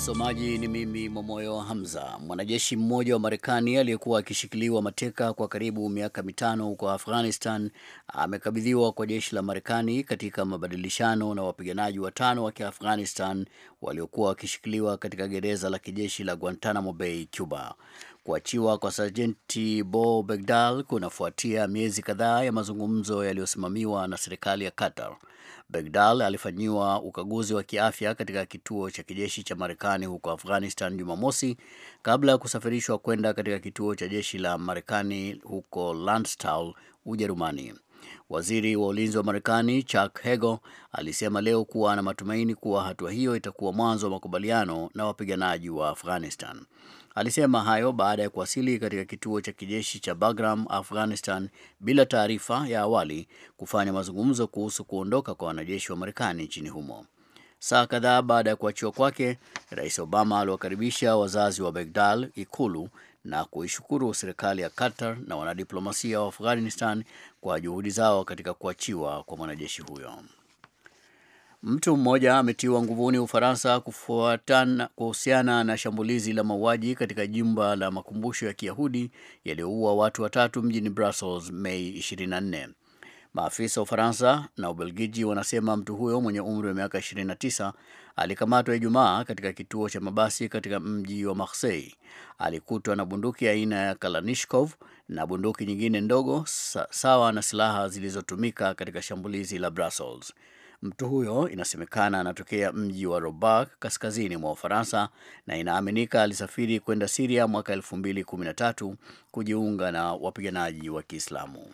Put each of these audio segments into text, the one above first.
Msomaji ni mimi Momoyo Hamza. Mwanajeshi mmoja wa Marekani aliyekuwa akishikiliwa mateka kwa karibu miaka mitano huko Afghanistan amekabidhiwa kwa jeshi la Marekani katika mabadilishano na wapiganaji watano wa Kiafghanistan waliokuwa wakishikiliwa katika gereza la kijeshi la Guantanamo Bay, Cuba. Kuachiwa kwa Sajenti Bo Begdal kunafuatia miezi kadhaa ya mazungumzo yaliyosimamiwa na serikali ya Qatar. Begdal alifanyiwa ukaguzi wa kiafya katika kituo cha kijeshi cha Marekani huko Afghanistan Jumamosi kabla ya kusafirishwa kwenda katika kituo cha jeshi la Marekani huko Landstuhl, Ujerumani. Waziri wa ulinzi wa Marekani Chuck Hagel alisema leo kuwa ana matumaini kuwa hatua hiyo itakuwa mwanzo wa makubaliano na wapiganaji wa Afghanistan. Alisema hayo baada ya kuwasili katika kituo cha kijeshi cha Bagram, Afghanistan, bila taarifa ya awali kufanya mazungumzo kuhusu kuondoka kwa wanajeshi wa Marekani nchini humo. Saa kadhaa baada ya kuachiwa kwake, Rais Obama aliwakaribisha wazazi wa Begdal Ikulu na kuishukuru serikali ya Qatar na wanadiplomasia wa Afghanistan kwa juhudi zao katika kuachiwa kwa mwanajeshi huyo. Mtu mmoja ametiwa nguvuni Ufaransa kufuatana kuhusiana na shambulizi la mauaji katika jumba la makumbusho ya Kiyahudi yaliyoua watu watatu mjini Brussels Mei 24. Maafisa wa Ufaransa na Ubelgiji wanasema mtu huyo mwenye umri wa miaka 29 alikamatwa Ijumaa katika kituo cha mabasi katika mji wa Marseille. Alikutwa na bunduki aina ya Kalashnikov na bunduki nyingine ndogo sawa na silaha zilizotumika katika shambulizi la Brussels. Mtu huyo inasemekana anatokea mji wa roba kaskazini mwa Ufaransa na inaaminika alisafiri kwenda Siria mwaka 2013 kujiunga na wapiganaji wa Kiislamu.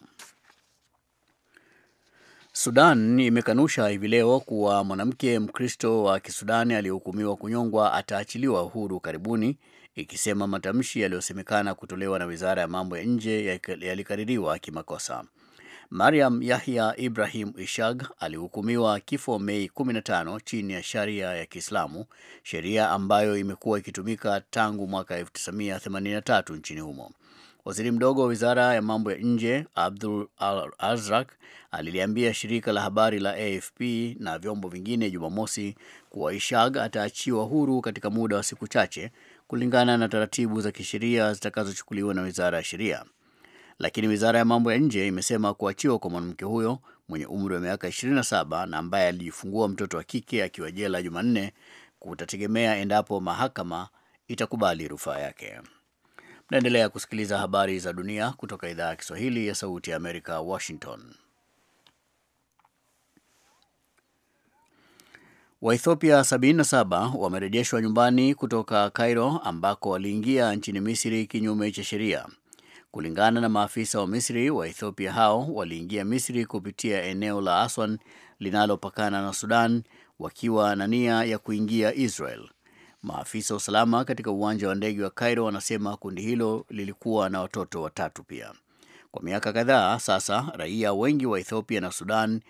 Sudan imekanusha hivi leo kuwa mwanamke Mkristo wa Kisudani aliyehukumiwa kunyongwa ataachiliwa huru karibuni, ikisema matamshi yaliyosemekana kutolewa na wizara ya mambo ya nje yalikaririwa kimakosa. Mariam Yahya Ibrahim Ishag alihukumiwa kifo Mei 15 chini ya sharia ya Kiislamu, sheria ambayo imekuwa ikitumika tangu mwaka 1983 nchini humo. Waziri mdogo wa wizara ya mambo ya nje Abdul Al Azrak aliliambia shirika la habari la AFP na vyombo vingine Jumamosi kuwa Ishag ataachiwa huru katika muda wa siku chache kulingana na taratibu za kisheria zitakazochukuliwa na wizara ya sheria lakini wizara ya mambo ya nje imesema kuachiwa kwa mwanamke huyo mwenye umri wa miaka 27 na ambaye alijifungua mtoto wa kike akiwa jela Jumanne kutategemea endapo mahakama itakubali rufaa yake. Mnaendelea kusikiliza habari za dunia kutoka idhaa ya Kiswahili ya Sauti ya Amerika, Washington. Waethiopia 77 wamerejeshwa nyumbani kutoka Cairo ambako waliingia nchini Misri kinyume cha sheria Kulingana na maafisa wa Misri, wa ethiopia hao waliingia Misri kupitia eneo la Aswan linalopakana na Sudan wakiwa na nia ya kuingia Israel. Maafisa wa usalama katika uwanja wa ndege wa Cairo wanasema kundi hilo lilikuwa na watoto watatu pia. Kwa miaka kadhaa sasa, raia wengi wa Ethiopia na Sudan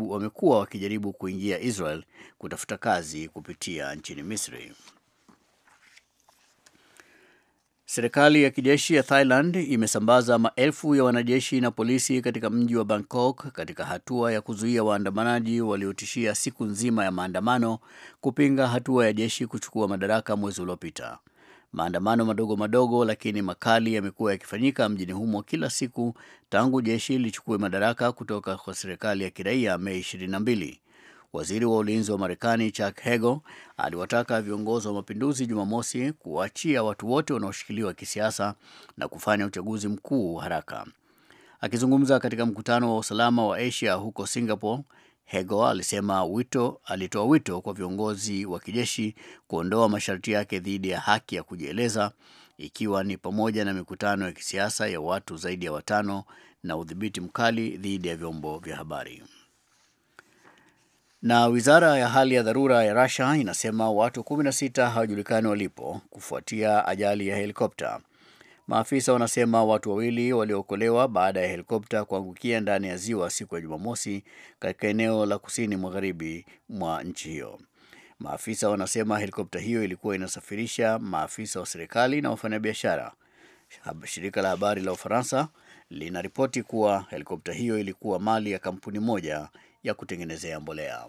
wamekuwa wakijaribu kuingia Israel kutafuta kazi kupitia nchini Misri. Serikali ya kijeshi ya Thailand imesambaza maelfu ya wanajeshi na polisi katika mji wa Bangkok katika hatua ya kuzuia waandamanaji waliotishia siku nzima ya maandamano kupinga hatua ya jeshi kuchukua madaraka mwezi uliopita. Maandamano madogo madogo lakini makali yamekuwa yakifanyika mjini humo kila siku tangu jeshi lichukue madaraka kutoka kwa serikali ya kiraia Mei 22. Waziri wa ulinzi wa Marekani Chuck Hagel aliwataka viongozi wa mapinduzi Jumamosi kuwaachia watu wote wanaoshikiliwa kisiasa na kufanya uchaguzi mkuu haraka. Akizungumza katika mkutano wa usalama wa Asia huko Singapore, Hego alisema wito alitoa wito kwa viongozi wa kijeshi kuondoa masharti yake dhidi ya haki ya kujieleza ikiwa ni pamoja na mikutano ya kisiasa ya watu zaidi ya watano na udhibiti mkali dhidi ya vyombo vya habari. Na wizara ya hali ya dharura ya Russia inasema watu 16 hawajulikani walipo kufuatia ajali ya helikopta. Maafisa wanasema watu wawili waliokolewa baada ya helikopta kuangukia ndani ya ziwa siku ya Jumamosi katika eneo la kusini magharibi mwa nchi hiyo. Maafisa wanasema helikopta hiyo ilikuwa inasafirisha maafisa wa serikali na wafanyabiashara. Shirika la habari la Ufaransa linaripoti kuwa helikopta hiyo ilikuwa mali ya kampuni moja ya kutengenezea mbolea.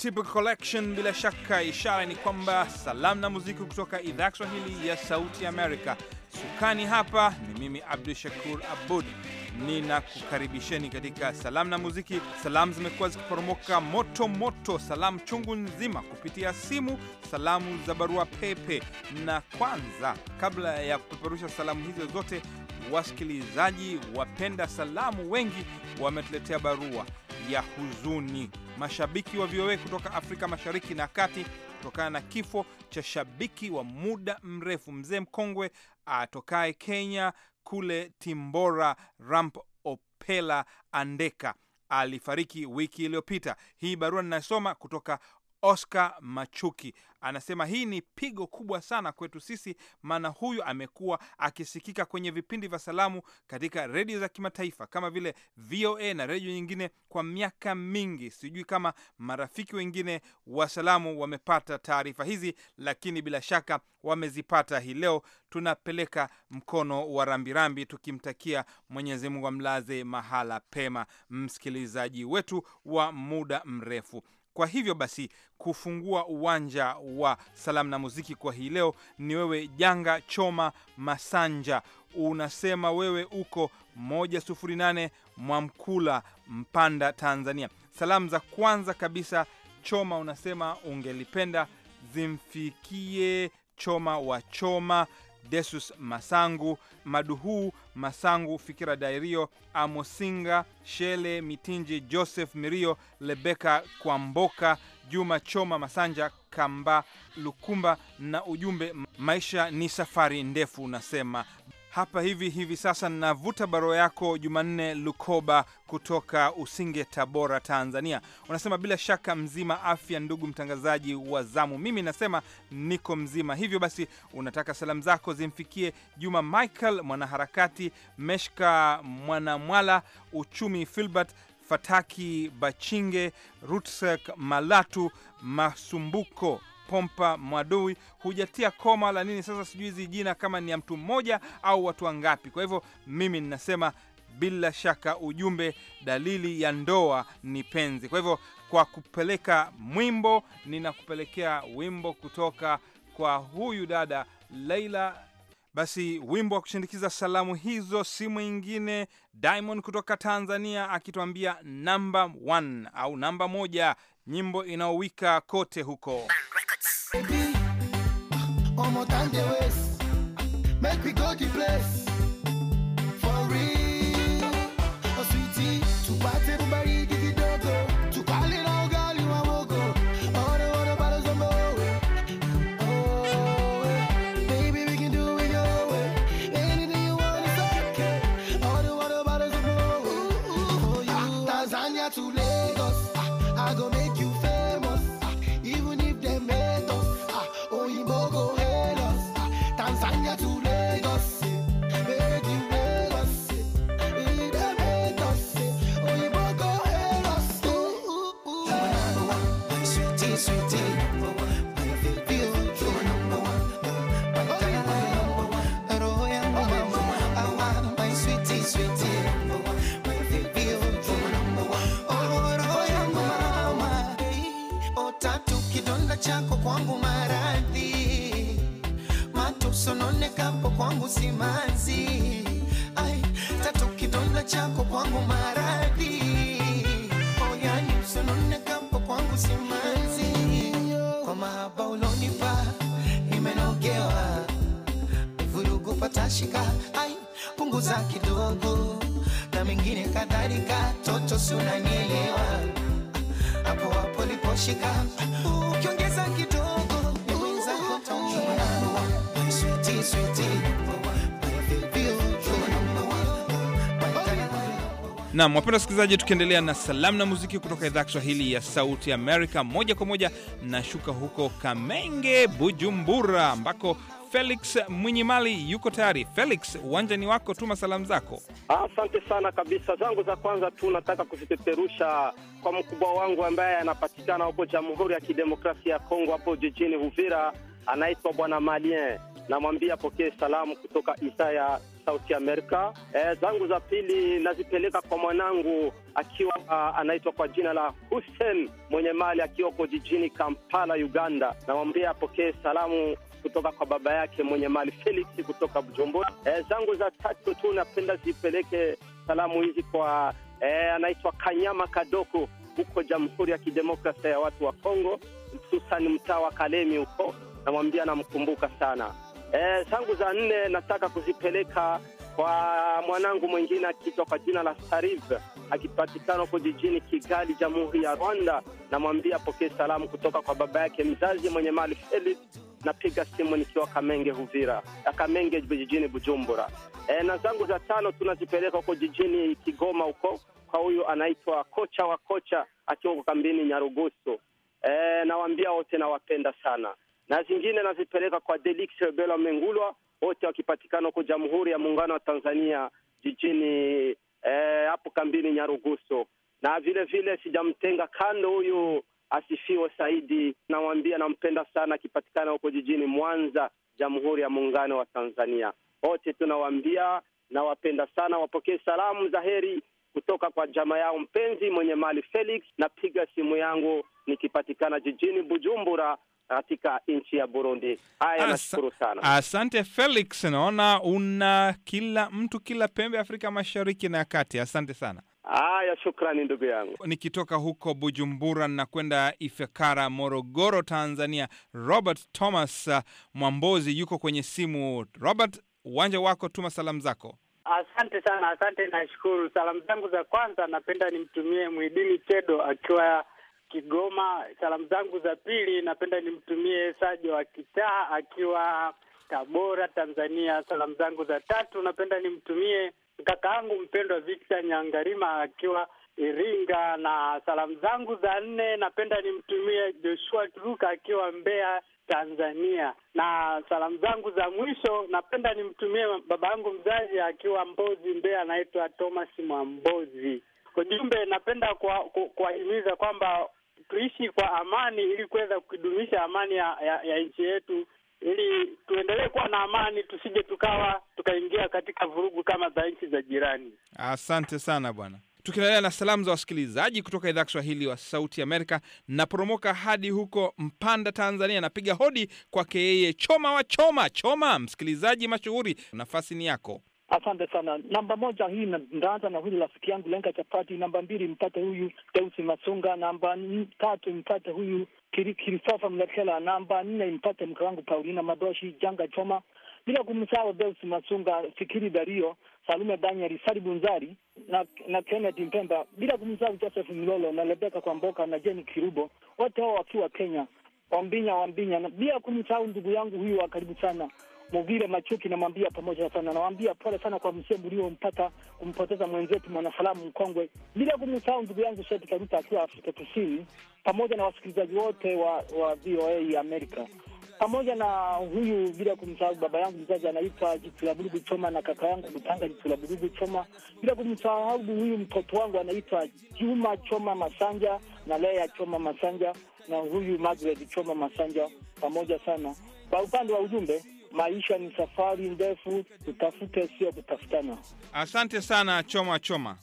Typical Collection. Bila shaka ishara ni kwamba salamu na muziki kutoka idhaa ya Kiswahili ya Sauti Amerika. Sukani hapa ni mimi Abdu Shakur Abud ninakukaribisheni katika salamu na muziki. Salamu zimekuwa zikiporomoka moto moto, salamu chungu nzima kupitia simu, salamu za barua pepe. Na kwanza kabla ya kupeperusha salamu hizo zote, wasikilizaji wapenda salamu wengi wametuletea barua ya huzuni. Mashabiki wa VOA kutoka Afrika Mashariki na Kati kutokana na kifo cha shabiki wa muda mrefu mzee mkongwe atokaye Kenya kule Timbora Ramp Opela Andeka alifariki wiki iliyopita. Hii barua ninasoma kutoka Oscar Machuki anasema hii ni pigo kubwa sana kwetu sisi, maana huyu amekuwa akisikika kwenye vipindi vya salamu katika redio za kimataifa kama vile VOA na redio nyingine kwa miaka mingi. Sijui kama marafiki wengine wa salamu wamepata taarifa hizi, lakini bila shaka wamezipata. Hii leo tunapeleka mkono wa rambirambi, tukimtakia Mwenyezi Mungu amlaze mahala pema msikilizaji wetu wa muda mrefu. Kwa hivyo basi, kufungua uwanja wa salamu na muziki kwa hii leo ni wewe Janga Choma Masanja. Unasema wewe uko nane Mwamkula, Mpanda, Tanzania. Salamu za kwanza kabisa Choma unasema ungelipenda zimfikie Choma wa Choma Desus Masangu, Maduhuu Masangu, Fikira Dairio, Amosinga Shele, Mitinji Joseph Mirio, Lebeka Kwamboka, Juma Choma Masanja, Kamba Lukumba, na ujumbe maisha ni safari ndefu, unasema hapa hivi hivi sasa ninavuta barua yako Jumanne Lukoba kutoka Usinge, Tabora, Tanzania. Unasema bila shaka mzima afya, ndugu mtangazaji wa zamu. Mimi nasema niko mzima, hivyo basi unataka salamu zako zimfikie Juma Michael mwanaharakati, Meshka Mwanamwala, uchumi Filbert Fataki Bachinge, Rutsek Malatu Masumbuko Pompa Mwadui, hujatia koma la nini sasa, sijui hizi jina kama ni ya mtu mmoja au watu wangapi. Kwa hivyo mimi ninasema bila shaka ujumbe, dalili ya ndoa ni penzi. Kwa hivyo kwa kupeleka mwimbo, ninakupelekea wimbo kutoka kwa huyu dada Laila. Basi wimbo wa kushindikiza salamu hizo si mwingine Diamond kutoka Tanzania, akituambia namba 1 au namba moja, nyimbo inaowika kote huko Omo time they waste. Make we go the place. chakula chako kwangu maradi, oyani usinune kapo kwangu simanzi. Kwa mahaba ulonipa nimenogewa, vurugu patashika, ai punguza kidogo na mengine kadhalika, toto si unanielewa hapo hapo liposhika Nam, wapenda wasikilizaji, tukiendelea na salamu na muziki kutoka idhaa ya Kiswahili ya Sauti Amerika, moja kwa moja nashuka huko Kamenge, Bujumbura, ambako Felix mwinyimali yuko tayari. Felix, uwanjani wako, tuma salamu zako. Asante sana kabisa. Zangu za kwanza tu nataka kuzipeperusha kwa mkubwa wangu ambaye anapatikana huko Jamhuri ya Kidemokrasia ya Kongo, hapo jijini Uvira, anaitwa Bwana Malien. Namwambia pokee salamu kutoka Isaya Sauti Amerika. E, zangu za pili nazipeleka kwa mwanangu akiwa ah, anaitwa kwa jina la Hussein mwenye mali akiwa ko jijini Kampala, Uganda. Namwambia apokee salamu kutoka kwa baba yake mwenye mali Felix kutoka Bujumbura. E, zangu za tatu tu napenda zipeleke salamu hizi kwa e, anaitwa Kanyama Kadoko huko Jamhuri ya Kidemokrasia ya watu wa Kongo, hususan mtaa wa Kalemi huko, namwambia namkumbuka sana eh, zangu za nne nataka kuzipeleka kwa mwanangu mwingine akiitwa kwa jina la Sarif akipatikana huko jijini Kigali, Jamhuri ya Rwanda. Namwambia pokee salamu kutoka kwa baba yake mzazi mwenye mali Felix. Napiga simu nikiwa Kamenge, Huvira Kamenge jijini Bujumbura. E, na zangu za tano tunazipeleka huko jijini Kigoma huko kwa huyu anaitwa kocha wa kocha akiwa kambini Nyarugusu. E, nawaambia wote nawapenda sana na zingine nazipeleka kwa Delix Bela Mengulwa, wote wakipatikana huko Jamhuri ya Muungano wa Tanzania jijini eh, hapo eh, kambini Nyaruguso. Na vile vile sijamtenga kando huyu asifiwe Saidi, namwambia nampenda sana, akipatikana huko jijini Mwanza, Jamhuri ya Muungano wa Tanzania. Wote tunawaambia nawapenda sana, wapokee salamu za heri kutoka kwa jamaa yao mpenzi mwenye mali Felix. Napiga simu yangu nikipatikana jijini Bujumbura katika nchi ya Burundi. Haya, nashukuru sana, asante Felix. Naona una kila mtu kila pembe ya Afrika Mashariki na ya Kati. Asante sana. Haya, shukrani ndugu yangu. Nikitoka huko Bujumbura na kwenda Ifekara, Morogoro, Tanzania, Robert Thomas uh, Mwambozi yuko kwenye simu. Robert, uwanja wako, tuma salamu zako. Asante sana, asante. Nashukuru. Salamu zangu za kwanza napenda nimtumie Mwidini Chedo akiwa Kigoma. Salamu zangu za pili napenda nimtumie Sajo wa Kitaa akiwa Tabora, Tanzania. Salamu zangu za tatu napenda nimtumie kaka yangu mpendwa Victor Nyangarima akiwa Iringa, na salamu zangu za nne napenda nimtumie Joshua Turuka akiwa Mbeya, Tanzania, na salamu zangu za mwisho napenda nimtumie baba yangu mzazi akiwa Mbozi, Mbeya, anaitwa Thomas Mwambozi. Ujumbe napenda kuwahimiza kwa, kwamba tuishi kwa amani ili kuweza kudumisha amani ya, ya, ya nchi yetu ili tuendelee kuwa na amani, tusije tukawa tukaingia katika vurugu kama za nchi za jirani. Asante sana bwana. Tukiendelea na salamu za wasikilizaji kutoka idhaa Kiswahili wa Sauti Amerika, napromoka hadi huko Mpanda, Tanzania. Napiga hodi kwake yeye Choma wa Choma. Choma, msikilizaji mashuhuri, nafasi ni yako. Asante sana. Namba moja hii ndaanza na huyu rafiki yangu Lenga Chapati. Namba mbili mpate huyu Deusi Masunga. Namba tatu mpate huyu Kirisofa Mlekela. Namba nne mpate mke wangu Paulina Madoshi Janga Choma, bila kumsahau Deusi Masunga, Fikiri Dario, Salume Danieli, Salibu Bunzari na, na Kenneth Mpemba, bila kumsahau Joseph Mlolo na Rebeka Mboka na Jeni Kirubo, wote hao wakiwa Kenya, Wambinya Wambinya, na bila kumsahau ndugu yangu huyu wa karibu sana Movile Machuki, namwambia pamoja sana, nawaambia pole sana kwa msiba uliompata kumpoteza mwenzetu mwanafilamu mkongwe, bila kumsahau ndugu yangu Sheti Karuta akiwa Afrika Kusini, pamoja na wasikilizaji wote wa, wa VOA Amerika, pamoja na huyu, bila kumsahau baba yangu mzazi anaitwa Jitula Burugu Choma na kaka yangu Mtanga Jitula Burugu Choma, bila kumsahau huyu mtoto wangu anaitwa Juma Choma Masanja na Lea Choma Masanja na huyu Margaret Choma Masanja, pamoja sana kwa upande wa ujumbe maisha ni safari ndefu, tutafute, sio kutafutana. Asante sana Choma Choma.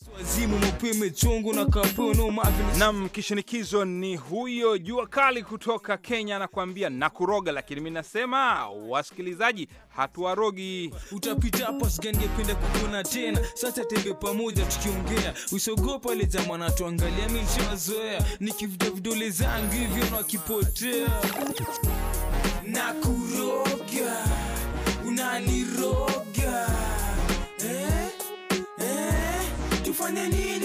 Nam kishinikizo ni huyo jua kali kutoka Kenya anakuambia na kuroga, lakini mi nasema wasikilizaji, hatuarogi. Utapita hapa, singependa kukuona tena, sasa tembe pamoja tukiongea, usiogopa ile jamaa tuangalia mi nishawazoea, nikivuta vidole zangu hivyo na kipotea na kuroga Tufanye eh, eh, nini?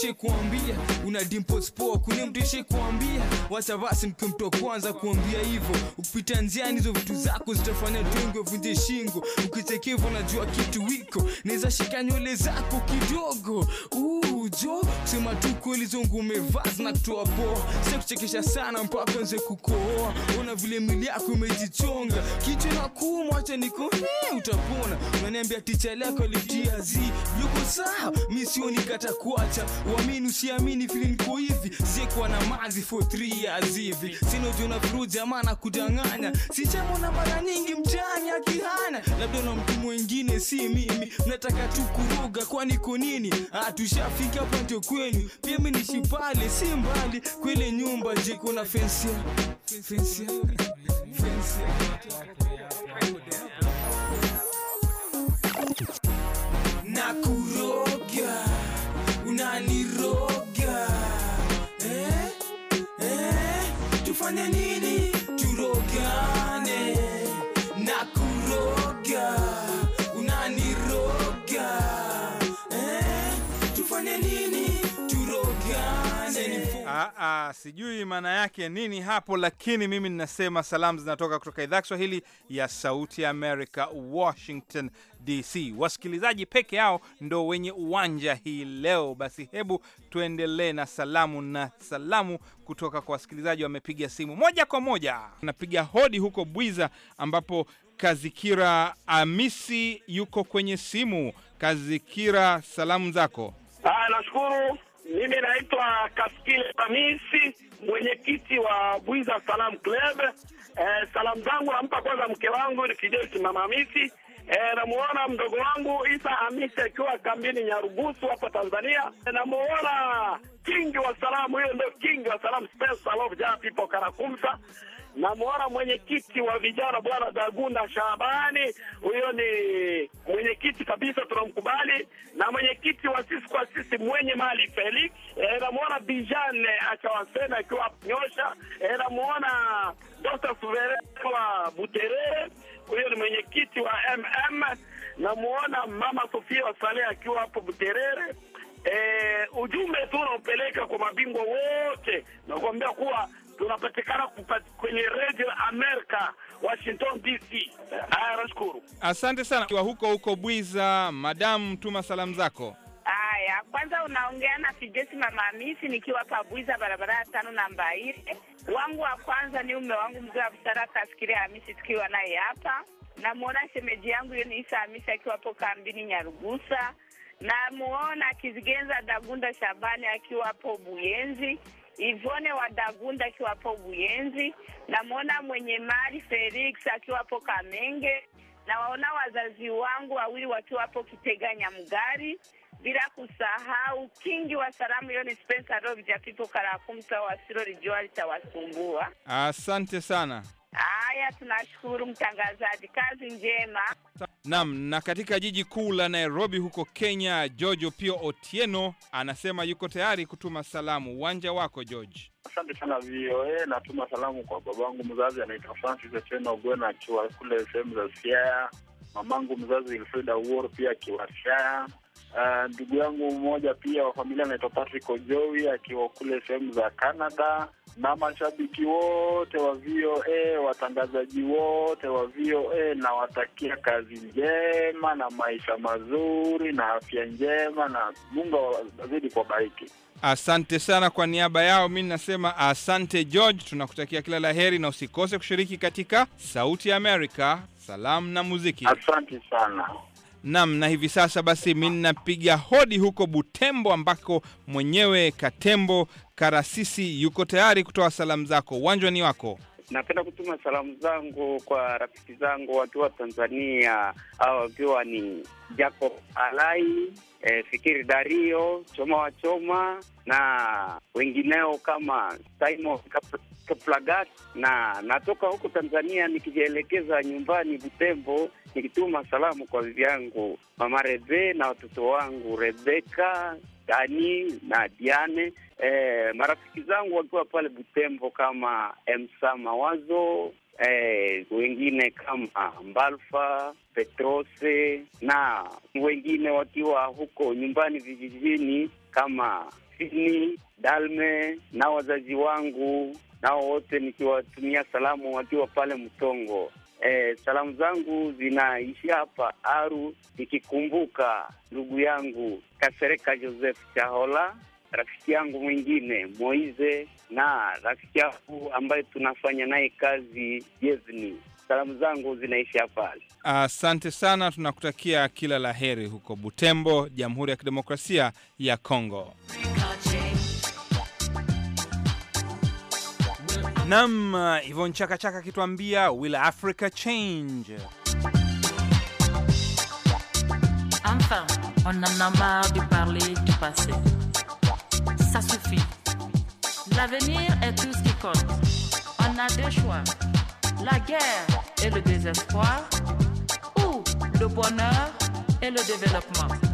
mtishe kuambia una dimples poa, kune mtishe kuambia wacha basi nikimtoa kwanza kuambia hivyo. Ukipita njiani hizo vitu zako zitafanya tungo vunje shingo, ukichekevwa najua kitu wiko, naweza shika nywele zako kidogo Ooh ujo sema tu kweli zongo umevaa zinakutoa poa sikuchekesha sana mpaka nze kukohoa ona vile mili yako imejichonga kichwa na kuuma acha nikone utapona unaniambia ticha lako alitia zi yuko sawa mi sioni kata kuacha uamini usiamini vile niko hivi sikuwa na mazi for 3 years hivi sinojona furu jamaa na kudanganya sichamona mara nyingi mchani akihana labda na mtu mwingine si mimi mnataka tu kuroga kwani konini atushafika ah, Muziki hapa ndio kwenu, pia mimi ni shipale, si mbali kwile nyumba je, kuna fensia fensia fensia na kuroga unaniroga eh? eh? tufanye nini Sijui maana yake nini hapo, lakini mimi ninasema salamu zinatoka kutoka idhaa Kiswahili ya Sauti ya Amerika, Washington DC. Wasikilizaji peke yao ndo wenye uwanja hii leo. Basi hebu tuendelee na salamu na salamu kutoka kwa wasikilizaji. Wamepiga simu moja kwa moja, napiga hodi huko Bwiza ambapo Kazikira Amisi yuko kwenye simu. Kazikira, salamu zako. Ah, nashukuru mimi naitwa Kaskile Hamisi, mwenyekiti wa Bwiza Salam Club. Eh, salamu zangu nampa kwanza mke wangu ni Fidel Mama Hamisi E, namuona mdogo wangu Isa Hamisi akiwa kambini Nyarugusu hapa Tanzania. E, namuona king wa salamu, hiyo ndio king wa salamu special of Japan people Karakumsa. Namuona mwenyekiti wa vijana bwana Dagunda Shabani, huyo ni mwenyekiti kabisa, tunamkubali na mwenyekiti wa sisi kwa sisi mwenye mali Felix. E, namuona Bijan Achawasena akiwa nyosha. E, namuona Dr. Suvere wa Buterere huyo ni mwenyekiti wa MM. namwona mama Sofia Wasale akiwa hapo Buterere. E, ujumbe tu unaopeleka kwa mabingwa wote na kuambia kuwa tunapatikana kwenye Radio America Washington DC. Haya, nashukuru, asante sana. Kwa huko huko Bwiza, madamu, tuma salamu zako. Haya, kwanza unaongea na Fijesi Mama Hamisi nikiwa pa Bwiza, barabara ya tano namba ile wangu wa kwanza ni ume wangu mzee wa Busaraka Hamisi, tukiwa naye hapa. Namwona shemeji yangu hiyo ni Isa Hamisi akiwa hapo kambini Nyarugusa. Namuona akizigenza Dagunda Shabani akiwa hapo Buyenzi. Ivone wa Dagunda akiwa hapo Buyenzi. Namwona mwenye mali Felix akiwa hapo Kamenge. Nawaona wazazi wangu wawili wakiwa hapo Kitega Nyamgari bila kusahau kingi wa salamu Yoni Spencer Rovija Pipo Karakumta Wasiro Lijuali tawasumbua. Asante sana. Haya, tunashukuru mtangazaji, kazi njema. Naam, na katika jiji kuu la Nairobi huko Kenya, George Opio Otieno anasema yuko tayari kutuma salamu. Uwanja wako George. Asante sana VOA. Natuma salamu kwa babangu mzazi anaitwa Francis Otieno Ogwena akiwa kule sehemu za Siaya, mamangu mzazi Wilfrida Uoro pia akiwa Siaya, Eh, ndugu uh, yangu mmoja pia wa familia anaitwa Patrick Ojowi akiwa kule sehemu za Canada, na mashabiki wote wa VOA, watangazaji wote wa VOA, nawatakia kazi njema na maisha mazuri na afya njema, na Mungu awazidi bariki. Asante sana. Kwa niaba yao mi nasema asante George, tunakutakia kila la heri na usikose kushiriki katika Sauti ya Amerika, salamu na muziki. Asante sana. Nam, na hivi sasa basi mi ninapiga hodi huko Butembo, ambako mwenyewe Katembo Karasisi yuko tayari kutoa salamu zako. Uwanja ni wako. Napenda kutuma salamu zangu kwa rafiki zangu wakiwa Tanzania, au wakiwa ni Jacob Alai eh, Fikiri Dario, Choma wa Choma na wengineo kama Simon Kaplagat, na natoka huko Tanzania nikijielekeza nyumbani Butembo, nikituma salamu kwa bibi yangu Mama Rebe na watoto wangu Rebeka Dani na Diane eh, marafiki zangu wakiwa pale Butembo kama msa Mawazo eh, wengine kama Mbalfa Petrose na wengine wakiwa huko nyumbani vijijini kama Sini Dalme na wazazi wangu nao wote nikiwatumia salamu wakiwa pale Mtongo. Eh, salamu zangu zinaishia hapa Aru, nikikumbuka ndugu yangu Kasereka Joseph Chahola, rafiki yangu mwingine Moize na rafiki yangu ambaye tunafanya naye kazi Jezni. Salamu zangu zinaishi hapa. Asante sana. Tunakutakia kila la heri huko Butembo, Jamhuri ya Kidemokrasia ya Kongo. Nam Chaka Chaka will Africa change. Enfin, on en a marre de parler du passé. Ça suffit. L'avenir est tout ce qui compte. On a deux choix. La guerre et le désespoir ou le bonheur et le développement.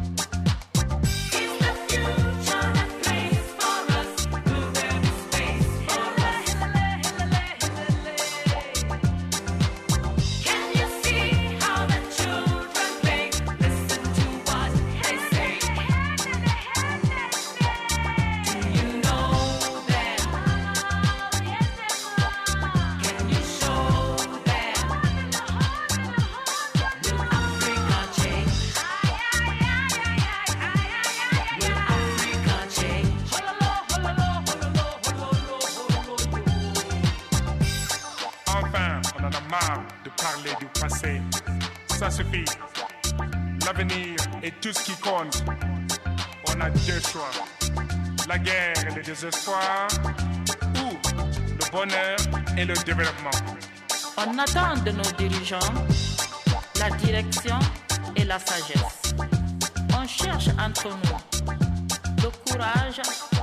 L'avenir et tout ce qui compte. On a deux choix. La guerre et le désespoir ou le bonheur et le développement. On attend de nos dirigeants la direction et la sagesse. On cherche entre nous le courage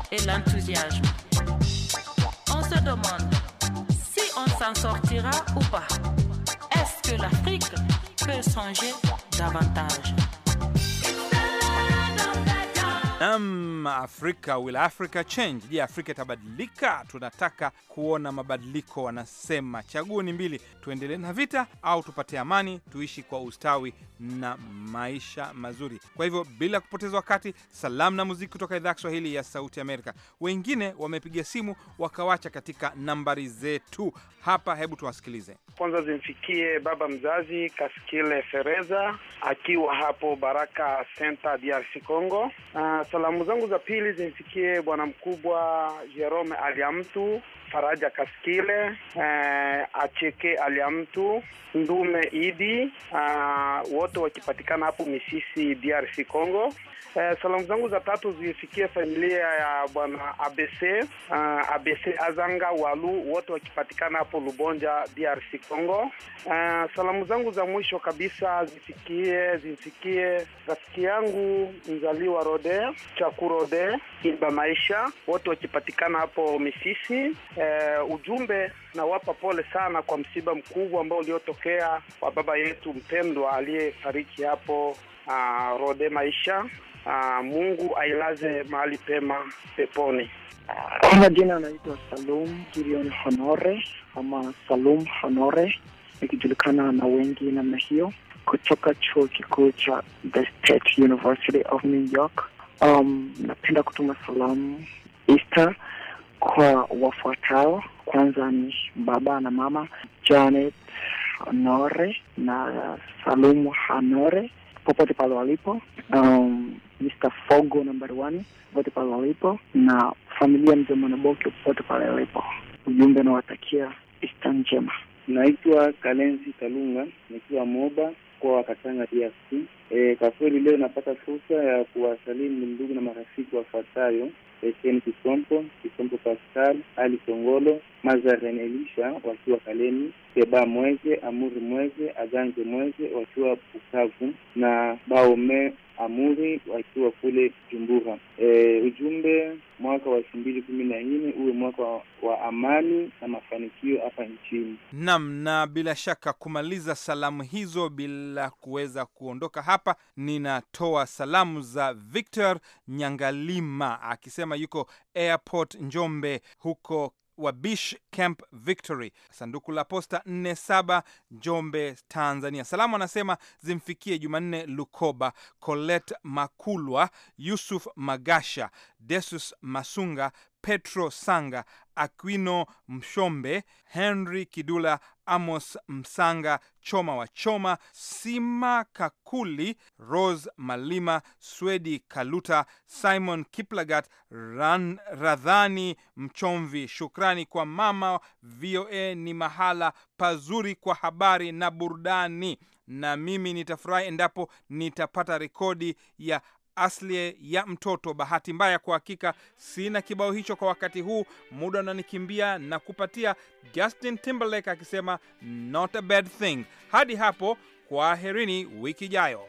et l'enthousiasme. On se demande si on s'en sortira ou pas. Est-ce que l'Afrique peut songer da vantagem. Nam Afrika will Africa change? Je, Afrika itabadilika? Tunataka kuona mabadiliko. Wanasema chaguo ni mbili, tuendelee na vita au tupate amani, tuishi kwa ustawi na maisha mazuri. Kwa hivyo, bila kupoteza wakati, salamu na muziki kutoka idhaa ya Kiswahili ya Sauti Amerika. Wengine wamepiga simu wakawacha katika nambari zetu hapa, hebu tuwasikilize. Kwanza zimfikie baba mzazi Kaskile Fereza akiwa hapo Baraka Center, DRC Congo. Uh, Salamu zangu za pili zimfikie bwana mkubwa Jerome Aliamtu, Faraja Kaskile, eh, Acheke Aliamtu, Ndume Idi, uh, wote wakipatikana hapo Misisi, DRC Congo. Eh, salamu zangu za tatu zifikie familia ya bwana ABC uh, eh, ABC Azanga Walu wote wakipatikana hapo Lubonja DRC Congo. Uh, salamu zangu za mwisho kabisa zifikie zifikie rafiki yangu mzaliwa Rode Chakurode Imba Maisha wote wakipatikana hapo Misisi. Eh, ujumbe nawapa pole sana kwa msiba mkubwa ambao uliotokea kwa baba yetu mpendwa aliyefariki hapo uh, Rode Maisha Uh, Mungu ailaze mahali pema peponi. Kwa jina anaitwa Salum Girion Honore ama Salum Honore, ikijulikana na wengi namna hiyo, kutoka chuo kikuu cha The State University of New York. Um, napenda kutuma salamu Easter kwa wafuatao. Kwanza ni baba na mama Janet Honore na Salum Honore popote pale walipo, um, Mr. Fogo number one popote pale walipo, na familia Mzee Mwanaboke popote pale walipo. Ujumbe unawatakia Ista njema. Naitwa Kalenzi Kalunga nikiwa Moba kwa wakatanga Katanga DRC. E, eh, kwa kweli leo napata fursa ya kuwasalimu ndugu na marafiki wafuatayo. Etienne Kisompo, Kisompo Pascal, Ali Songolo, Mazarin Elisha wakiwa Kalemi, Seba Mweze, Amuri Mweze, Aganze Mweze wakiwa Bukavu na Baome Amuri wakiwa kule Jumbura. E, ujumbe mwaka wa elfu mbili kumi na nne uwe mwaka wa, wa amani na mafanikio hapa nchini. Naam, na bila shaka kumaliza salamu hizo bila kuweza kuondoka hapa, ninatoa salamu za Victor Nyangalima akisema yuko airport Njombe huko wa Bish Camp Victory, sanduku la posta 47 Njombe, Tanzania. Salamu anasema zimfikie Jumanne Lukoba, Colette Makulwa, Yusuf Magasha, Desus Masunga, Petro Sanga, Aquino Mshombe, Henry Kidula, Amos Msanga, Choma wa Choma, Sima Kakuli, Rose Malima, Swedi Kaluta, Simon Kiplagat, Ran, Radhani Mchomvi. Shukrani kwa mama. VOA ni mahala pazuri kwa habari na burudani, na mimi nitafurahi endapo nitapata rekodi ya asli ya mtoto. Bahati mbaya, kwa hakika sina kibao hicho kwa wakati huu, muda unanikimbia na kupatia Justin Timberlake akisema not a bad thing. Hadi hapo, kwaherini, wiki ijayo.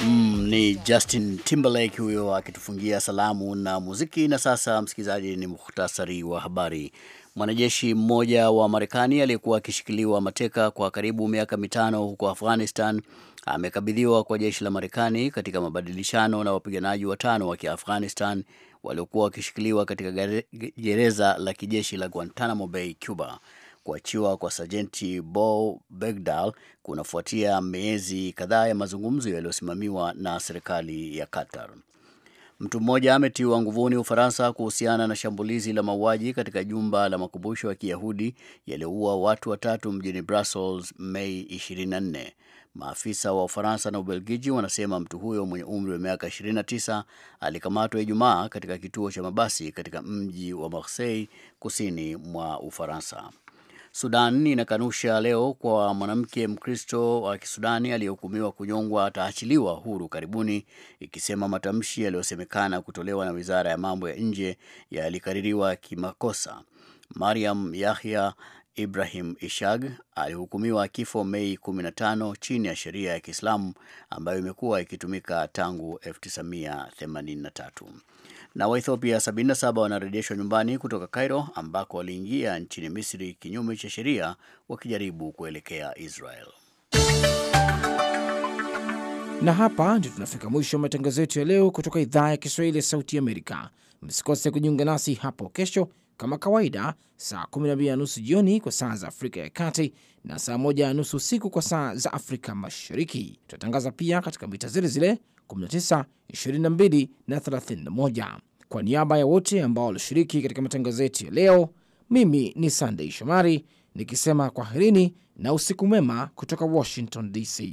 Mm, ni Justin Timberlake huyo akitufungia salamu na muziki. Na sasa, msikilizaji, ni muhtasari wa habari. Mwanajeshi mmoja wa Marekani aliyekuwa akishikiliwa mateka kwa karibu miaka mitano huko Afghanistan amekabidhiwa kwa jeshi la Marekani katika mabadilishano na wapiganaji watano wa Kiafghanistan waliokuwa wakishikiliwa katika gereza la kijeshi la Guantanamo Bay, Cuba. Kuachiwa kwa Sajenti Bo Begdal kunafuatia miezi kadhaa ya mazungumzo yaliyosimamiwa na serikali ya Qatar. Mtu mmoja ametiwa nguvuni Ufaransa kuhusiana na shambulizi la mauaji katika jumba la makumbusho ya Kiyahudi yaliyoua watu watatu mjini Brussels Mei 24. Maafisa wa Ufaransa na Ubelgiji wanasema mtu huyo mwenye umri wa miaka 29 alikamatwa Ijumaa katika kituo cha mabasi katika mji wa Marseille kusini mwa Ufaransa. Sudan inakanusha leo kwa mwanamke Mkristo wa Kisudani aliyehukumiwa kunyongwa ataachiliwa huru karibuni, ikisema matamshi yaliyosemekana kutolewa na wizara ya mambo ya nje yalikaririwa kimakosa. Mariam Yahya Ibrahim Ishag alihukumiwa kifo Mei 15 chini ya sheria ya Kiislamu ambayo imekuwa ikitumika tangu 1983 na Waethiopia 77 wanarejeshwa nyumbani kutoka Cairo ambako waliingia nchini Misri kinyume cha sheria wakijaribu kuelekea Israel. Na hapa ndio tunafika mwisho wa matangazo yetu ya leo kutoka idhaa ya Kiswahili ya Sauti Amerika. Msikose kujiunga nasi hapo kesho kama kawaida, saa 12 na nusu jioni kwa saa za Afrika ya Kati na saa 1 na nusu usiku kwa saa za Afrika Mashariki. Tutatangaza pia katika mita zile zile 19, 22 31. Kwa niaba ya wote ambao walishiriki katika matangazo yetu ya leo, mimi ni Sandei Shomari nikisema kwaherini na usiku mwema kutoka Washington DC.